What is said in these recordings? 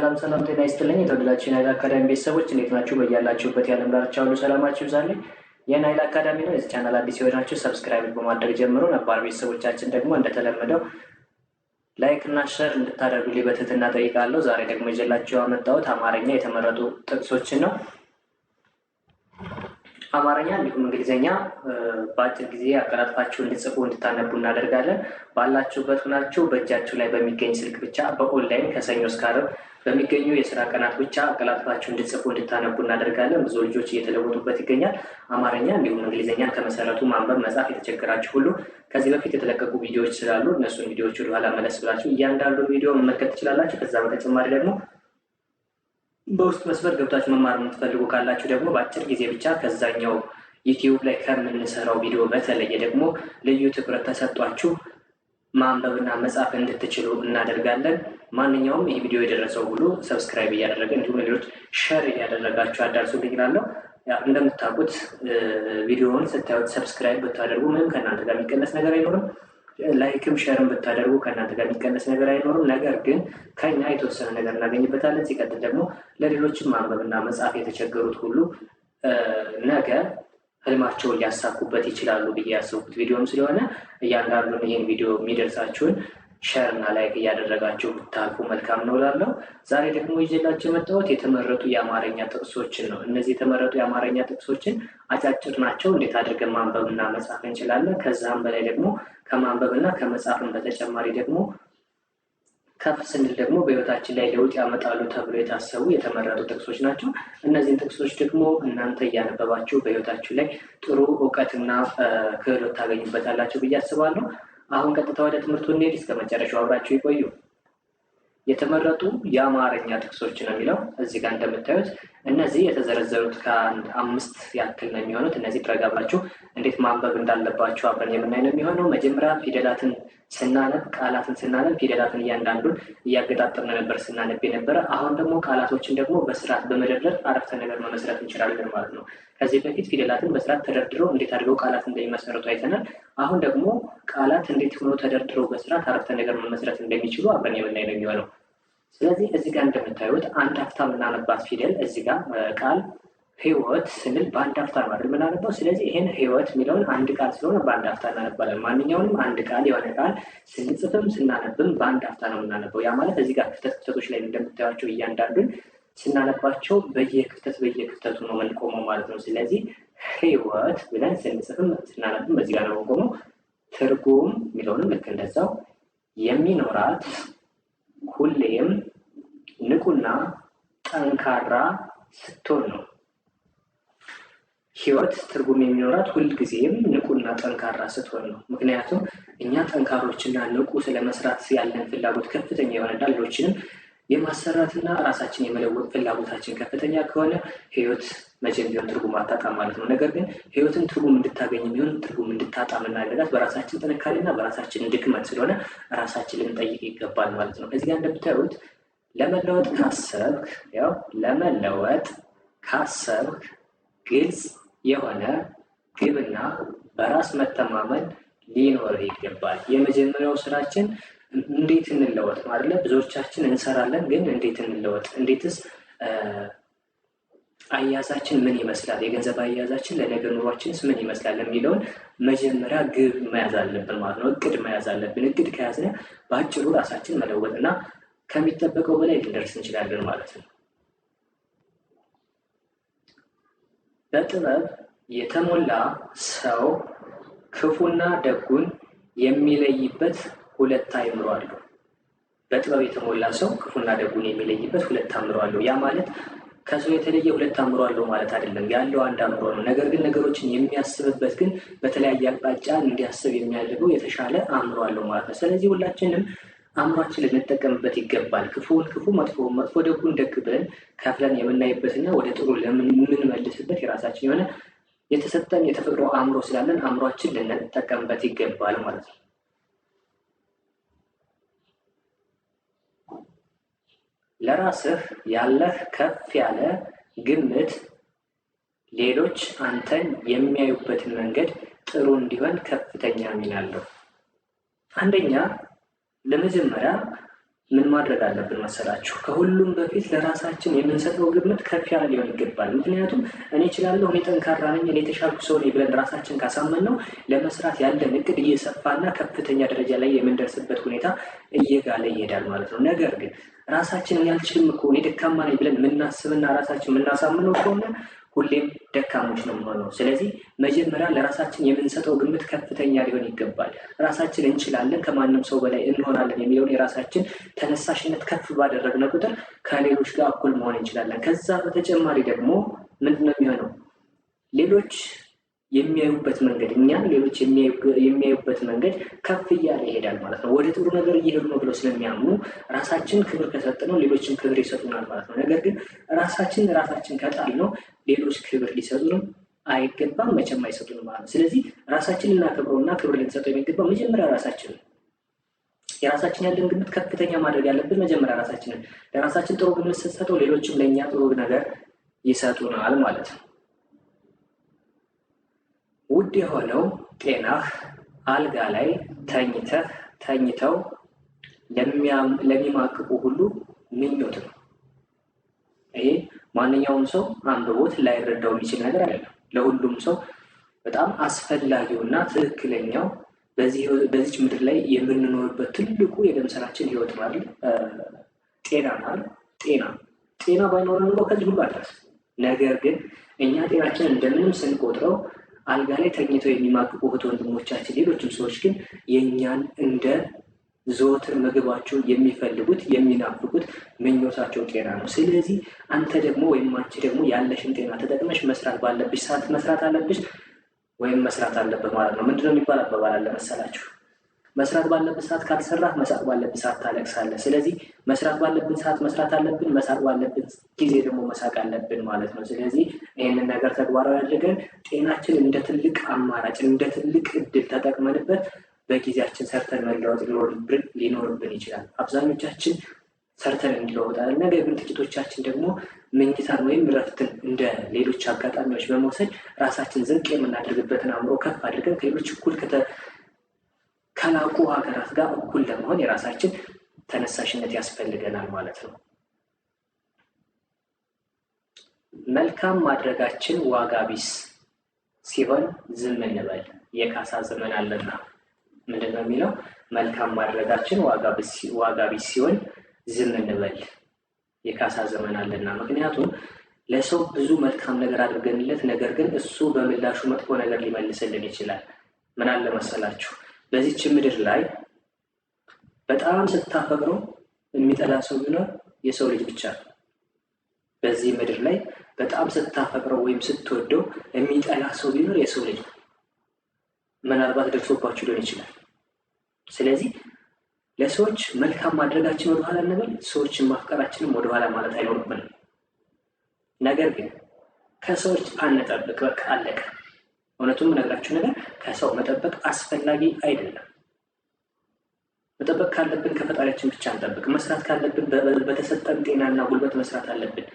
ሰላም ሰላም፣ ጤና ይስጥልኝ የተወደዳችሁ የናይል አካዳሚ ቤተሰቦች እንዴት ናችሁ? በያላችሁበት የዓለም ዳርቻ ሁሉ ሰላማችሁ ይብዛልኝ። የናይል አካዳሚ ነው። የዚህ ቻናል አዲስ የሆናችሁ ሰብስክራይብ በማድረግ ጀምሮ ነባር ቤተሰቦቻችን ደግሞ እንደተለመደው ላይክ እና ሸር እንድታደርጉልኝ በትህትና ጠይቃለሁ። ዛሬ ደግሞ ይዤላችሁ ያመጣሁት አማርኛ የተመረጡ ጥቅሶችን ነው። አማርኛ እንዲሁም እንግሊዝኛ በአጭር ጊዜ አቀላጥፋችሁ እንድጽፉ እንድታነቡ እናደርጋለን። ባላችሁበት ሁናችሁ በእጃችሁ ላይ በሚገኝ ስልክ ብቻ በኦንላይን ከሰኞ እስከ ዓርብ በሚገኙ የስራ ቀናት ብቻ አቀላጥፋችሁ እንድጽፉ እንድታነቡ እናደርጋለን። ብዙ ልጆች እየተለወጡበት ይገኛል። አማርኛ እንዲሁም እንግሊዝኛን ከመሰረቱ ማንበብ መጻፍ የተቸገራችሁ ሁሉ ከዚህ በፊት የተለቀቁ ቪዲዮዎች ስላሉ እነሱን ቪዲዮዎች ወደኋላ መለስ ብላችሁ እያንዳንዱን ቪዲዮ መመልከት ትችላላችሁ። ከዛ በተጨማሪ ደግሞ በውስጥ መስመር ገብታችሁ መማር የምትፈልጉ ካላችሁ ደግሞ በአጭር ጊዜ ብቻ ከዛኛው ዩቲዩብ ላይ ከምንሰራው ቪዲዮ በተለየ ደግሞ ልዩ ትኩረት ተሰጧችሁ ማንበብና መጻፍ እንድትችሉ እናደርጋለን። ማንኛውም ይህ ቪዲዮ የደረሰው ሁሉ ሰብስክራይብ እያደረገ እንዲሁም ሌሎች ሸር እያደረጋችሁ አዳርሱ እላለሁ። እንደምታውቁት ቪዲዮውን ስታዩት ሰብስክራይብ ብታደርጉ ምንም ከእናንተ ጋር የሚቀነስ ነገር አይኖርም። ላይክም ሸርም ብታደርጉ ከእናንተ ጋር የሚቀነስ ነገር አይኖርም። ነገር ግን ከኛ የተወሰነ ነገር እናገኝበታለን። ሲቀጥል ደግሞ ለሌሎችም ማንበብና መጻፍ የተቸገሩት ሁሉ ነገ ህልማቸውን ሊያሳኩበት ይችላሉ ብዬ ያሰብኩት ቪዲዮም ስለሆነ እያንዳንዱን ይህን ቪዲዮ የሚደርሳችሁን ሸር እና ላይክ እያደረጋችሁ ብታልፉ መልካም ነው እላለሁ። ዛሬ ደግሞ ይዤላችሁ የመጣሁት የተመረጡ የአማርኛ ጥቅሶችን ነው። እነዚህ የተመረጡ የአማርኛ ጥቅሶችን አጫጭር ናቸው። እንዴት አድርገን ማንበብና መጻፍ እንችላለን? ከዛም በላይ ደግሞ ከማንበብና ከመጻፍን በተጨማሪ ደግሞ ከፍ ስንል ደግሞ በህይወታችን ላይ ለውጥ ያመጣሉ ተብሎ የታሰቡ የተመረጡ ጥቅሶች ናቸው። እነዚህን ጥቅሶች ደግሞ እናንተ እያነበባችሁ በህይወታችሁ ላይ ጥሩ እውቀትና ክህሎት ታገኙበታላችሁ ብዬ አስባለሁ። አሁን ቀጥታ ወደ ትምህርቱ እንሄድ። እስከ መጨረሻው አብራችሁ ይቆዩ። የተመረጡ የአማርኛ ጥቅሶች ነው የሚለው እዚህ ጋር እንደምታዩት እነዚህ የተዘረዘሩት ከአንድ አምስት ያክል ነው የሚሆኑት። እነዚህ ድረግ እንዴት ማንበብ እንዳለባችሁ አብረን የምናይ ነው የሚሆነው። መጀመሪያ ፊደላትን ስናነብ ቃላትን ስናነብ ፊደላትን እያንዳንዱን እያገጣጠምን ነበር ስናነብ የነበረ። አሁን ደግሞ ቃላቶችን ደግሞ በስርዓት በመደርደር አረፍተ ነገር መመስረት እንችላለን ማለት ነው። ከዚህ በፊት ፊደላትን በስርዓት ተደርድረው እንዴት አድርገው ቃላት እንደሚመሰረቱ አይተናል። አሁን ደግሞ ቃላት እንዴት ሆኖ ተደርድረው በስርዓት አረፍተ ነገር መመስረት እንደሚችሉ አብረን የምናይ ነው የሚሆነው። ስለዚህ እዚህ ጋር እንደምታዩት አንድ አፍታ የምናነባት ፊደል እዚህ ጋር ቃል ህይወት ስንል በአንድ አፍታ ነው አይደል የምናነባው። ስለዚህ ይህን ህይወት የሚለውን አንድ ቃል ስለሆነ በአንድ አፍታ እናነባለን። ማንኛውንም አንድ ቃል የሆነ ቃል ስንጽፍም ስናነብም በአንድ አፍታ ነው የምናነባው። ያ ማለት እዚህ ጋር ክፍተት ክፍተቶች ላይ እንደምታያቸው እያንዳንዱን ስናነባቸው በየክፍተት በየክፍተቱ ነው የምንቆመው ማለት ነው። ስለዚህ ህይወት ብለን ስንጽፍም ስናነብም በዚህ ጋር ነው የምንቆመው። ትርጉም የሚለውንም ልክ እንደዛው የሚኖራት ሁሌም ንቁና ጠንካራ ስትሆን ነው። ህይወት ትርጉም የሚኖራት ሁልጊዜም ንቁና ጠንካራ ስትሆን ነው። ምክንያቱም እኛ ጠንካሮችና ንቁ ስለመስራት ያለን ፍላጎት ከፍተኛ የሆነ ዳሎችንም የማሰራትና ራሳችን የመለወጥ ፍላጎታችን ከፍተኛ ከሆነ ህይወት መቼም ቢሆን ትርጉም አታጣም ማለት ነው። ነገር ግን ህይወትን ትርጉም እንድታገኝ የሚሆን ትርጉም እንድታጣ የምናደርጋት በራሳችን ጥንካሬና በራሳችን ድክመት ስለሆነ ራሳችን ልንጠይቅ ይገባል ማለት ነው። እዚጋ እንደምታዩት ለመለወጥ ካሰብክ ያው ለመለወጥ ካሰብክ ግልጽ የሆነ ግብና በራስ መተማመን ሊኖር ይገባል። የመጀመሪያው ስራችን እንዴት እንለወጥ ነው አይደለ? ብዙዎቻችን እንሰራለን፣ ግን እንዴት እንለወጥ? እንዴትስ አያያዛችን ምን ይመስላል? የገንዘብ አያያዛችን ለነገ ኑሯችንስ ምን ይመስላል የሚለውን መጀመሪያ ግብ መያዝ አለብን ማለት ነው። እቅድ መያዝ አለብን። እቅድ ከያዝነ በአጭሩ ራሳችን መለወጥ እና ከሚጠበቀው በላይ ልንደርስ እንችላለን ማለት ነው። በጥበብ የተሞላ ሰው ክፉና ደጉን የሚለይበት ሁለት አእምሮ አለው። በጥበብ የተሞላ ሰው ክፉና ደጉን የሚለይበት ሁለት አእምሮ አለው። ያ ማለት ከሰው የተለየ ሁለት አእምሮ አለው ማለት አይደለም። ያለው አንድ አእምሮ ነው። ነገር ግን ነገሮችን የሚያስብበት ግን በተለያየ አቅጣጫ እንዲያስብ የሚያደርገው የተሻለ አእምሮ አለው ማለት ነው። ስለዚህ ሁላችንም አእምሯችን ልንጠቀምበት ይገባል። ክፉውን ክፉ፣ መጥፎውን መጥፎ፣ ደጉን ደግ ብለን ከፍለን የምናይበትና ወደ ጥሩ የምንመልስበት የራሳችን የሆነ የተሰጠን የተፈጥሮ አእምሮ ስላለን አእምሯችን ልንጠቀምበት ይገባል ማለት ነው። ለራስህ ያለህ ከፍ ያለ ግምት ሌሎች አንተን የሚያዩበትን መንገድ ጥሩ እንዲሆን ከፍተኛ ሚና አለው። አንደኛ ለመጀመሪያ ምን ማድረግ አለብን መሰላችሁ? ከሁሉም በፊት ለራሳችን የምንሰጠው ግምት ከፍ ያለ ሊሆን ይገባል። ምክንያቱም እኔ እችላለሁ፣ እኔ ጠንካራ ነኝ፣ እኔ የተሻልኩ ሰው ነኝ ብለን ራሳችን ካሳመን ነው ለመስራት ያለን እቅድ እየሰፋና ከፍተኛ ደረጃ ላይ የምንደርስበት ሁኔታ እየጋለ ይሄዳል ማለት ነው። ነገር ግን ራሳችንን ያልችልም አልችልም እኮ እኔ ደካማ ነኝ ብለን የምናስብና ራሳችን የምናሳምነው ከሆነ ሁሌም ደካሞች ነው የምንሆነው። ስለዚህ መጀመሪያ ለራሳችን የምንሰጠው ግምት ከፍተኛ ሊሆን ይገባል። ራሳችን እንችላለን፣ ከማንም ሰው በላይ እንሆናለን የሚለውን የራሳችን ተነሳሽነት ከፍ ባደረግነ ቁጥር ከሌሎች ጋር እኩል መሆን እንችላለን። ከዛ በተጨማሪ ደግሞ ምንድን ነው የሚሆነው ሌሎች የሚያዩበት መንገድ እኛን ሌሎች የሚያዩበት መንገድ ከፍ እያለ ይሄዳል ማለት ነው። ወደ ጥሩ ነገር እየሄዱ ነው ብለው ስለሚያምኑ ራሳችን ክብር ከሰጥ ነው ሌሎችም ክብር ይሰጡናል ማለት ነው። ነገር ግን ራሳችን ራሳችን ከጣል ነው ሌሎች ክብር ሊሰጡንም አይገባም፣ መቼም አይሰጡንም ማለት ነው። ስለዚህ ራሳችንን እናክብረውና ክብር ልንሰጠው የሚገባ መጀመሪያ ራሳችን የራሳችን ያለን ግምት ከፍተኛ ማድረግ ያለብን መጀመሪያ ራሳችንን ለራሳችን ጥሩ ግምት ስንሰጠው ሌሎችም ለእኛ ጥሩ ነገር ይሰጡናል ማለት ነው። ውድ የሆነው ጤናህ አልጋ ላይ ተኝተህ ተኝተው ለሚማቅቁ ሁሉ ምኞት ነው። ማንኛውም ሰው አንብቦት ላይረዳው የሚችል ነገር አይደለም። ለሁሉም ሰው በጣም አስፈላጊውና ትክክለኛው በዚች ምድር ላይ የምንኖርበት ትልቁ የደም ስራችን ህይወት ማለት ጤና ማለት ጤና ጤና ባይኖረ ኑሮ ከዚህ ሁሉ አድረስ። ነገር ግን እኛ ጤናችን እንደምንም ስንቆጥረው አልጋ ላይ ተኝተው የሚማቅቁ እህት ወንድሞቻችን፣ ሌሎችም ሰዎች ግን የእኛን እንደ ዘወትር ምግባቸው የሚፈልጉት የሚናፍቁት ምኞታቸው ጤና ነው። ስለዚህ አንተ ደግሞ ወይም አንቺ ደግሞ ያለሽን ጤና ተጠቅመሽ መስራት ባለብሽ ሰዓት መስራት አለብሽ ወይም መስራት አለብህ ማለት ነው። ምንድነው የሚባል አባባል አለ መሰላችሁ? መስራት ባለብን ሰዓት ካልሰራህ መሳቅ ባለብን ሰዓት ታለቅሳለህ። ስለዚህ መስራት ባለብን ሰዓት መስራት አለብን፣ መሳቅ ባለብን ጊዜ ደግሞ መሳቅ አለብን ማለት ነው። ስለዚህ ይህንን ነገር ተግባራዊ አድርገን ጤናችን እንደ ትልቅ አማራጭ እንደ ትልቅ እድል ተጠቅመንበት በጊዜያችን ሰርተን መለወጥ ሊኖርብን ይችላል። አብዛኞቻችን ሰርተን እንለወጣለን። ነገር ግን ጥቂቶቻችን ደግሞ መኝታን ወይም እረፍትን እንደ ሌሎች አጋጣሚዎች በመውሰድ ራሳችን ዝቅ የምናደርግበትን አእምሮ ከፍ አድርገን ከሌሎች እኩል ከላቁ ሀገራት ጋር እኩል ለመሆን የራሳችን ተነሳሽነት ያስፈልገናል ማለት ነው። መልካም ማድረጋችን ዋጋ ቢስ ሲሆን ዝም እንበል፣ የካሳ ዘመን አለና። ምንድን ነው የሚለው? መልካም ማድረጋችን ዋጋ ቢስ ሲሆን ዝም እንበል፣ የካሳ ዘመን አለና። ምክንያቱም ለሰው ብዙ መልካም ነገር አድርገንለት፣ ነገር ግን እሱ በምላሹ መጥፎ ነገር ሊመልስልን ይችላል። ምን አለ መሰላችሁ? በዚች ምድር ላይ በጣም ስታፈቅረው የሚጠላ ሰው ቢኖር የሰው ልጅ ብቻ ነው። በዚህ ምድር ላይ በጣም ስታፈቅረው ወይም ስትወደው የሚጠላ ሰው ቢኖር የሰው ልጅ ነው። ምናልባት ደርሶባችሁ ሊሆን ይችላል። ስለዚህ ለሰዎች መልካም ማድረጋችን ወደኋላ እንበል፣ ሰዎችን ማፍቀራችንም ወደኋላ ማለት አይኖርብንም። ነገር ግን ከሰዎች አንጠብቅ፣ በቃ አለቀ። እውነቱም ነግራችሁ ነገር ከሰው መጠበቅ አስፈላጊ አይደለም። መጠበቅ ካለብን ከፈጣሪያችን ብቻ እንጠብቅ። መስራት ካለብን በተሰጠን ጤናና ጉልበት መስራት አለብን።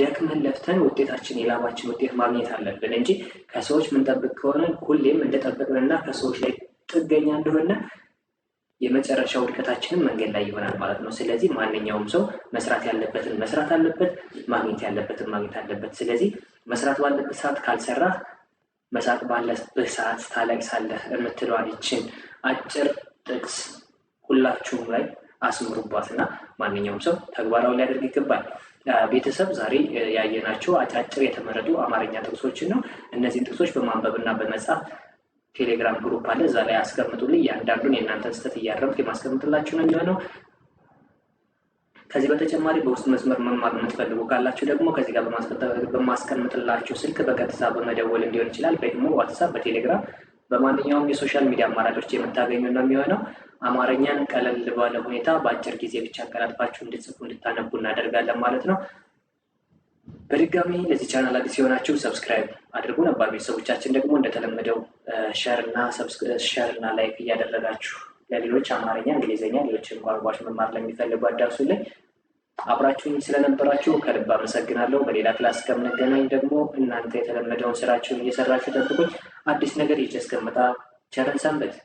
ደክመን ለፍተን ውጤታችን የላማችን ውጤት ማግኘት አለብን እንጂ ከሰዎች ምንጠብቅ ከሆነ ሁሌም እንደጠበቅንና ከሰዎች ላይ ጥገኛ እንደሆነ የመጨረሻ ውድቀታችንም መንገድ ላይ ይሆናል ማለት ነው። ስለዚህ ማንኛውም ሰው መስራት ያለበትን መስራት አለበት፣ ማግኘት ያለበትን ማግኘት አለበት። ስለዚህ መስራት ባለበት ሰዓት ካልሰራ መሳቅ ባለብህ ሰዓት ታለቅሳለህ የምትለዋ ይችን አጭር ጥቅስ ሁላችሁም ላይ አስምሩባትና ማንኛውም ሰው ተግባራዊ ሊያደርግ ይገባል። ቤተሰብ ዛሬ ያየናቸው አጫጭር የተመረጡ አማርኛ ጥቅሶችን ነው። እነዚህን ጥቅሶች በማንበብና በመጻፍ ቴሌግራም ግሩፕ አለ። እዛ ላይ አስቀምጡልኝ። እያንዳንዱን የእናንተን ስህተት እያረምኩ የማስቀምጥላችሁ ነው የሚሆነው። ከዚህ በተጨማሪ በውስጥ መስመር መማር የምትፈልጉ ካላችሁ ደግሞ ከዚህ ጋር በማስቀምጥላችሁ ስልክ በቀጥታ በመደወል እንዲሆን ይችላል። በኢሞ፣ ዋትሳፕ፣ በቴሌግራም በማንኛውም የሶሻል ሚዲያ አማራጮች የምታገኙ ነው የሚሆነው። አማርኛን ቀለል ባለ ሁኔታ በአጭር ጊዜ ብቻ አቀላጥፋችሁ እንድትጽፉ እንድታነቡ እናደርጋለን ማለት ነው። በድጋሚ ለዚህ ቻናል አዲስ የሆናችሁ ሰብስክራይብ አድርጉ። ነባር ቤተሰቦቻችን ደግሞ እንደተለመደው ሸርና ሸርና ላይክ እያደረጋችሁ ለሌሎች አማርኛ፣ እንግሊዝኛ፣ ሌሎችን ቋንቋዎች መማር ለሚፈልጉ አዳርሱልን። አብራችሁኝ ስለነበራችሁ ከልብ አመሰግናለሁ። በሌላ ክላስ ከምንገናኝ ደግሞ እናንተ የተለመደውን ስራችሁን እየሰራችሁ ጠብቁኝ። አዲስ ነገር ይዤ እስከምመጣ ቸርን ሰንብት።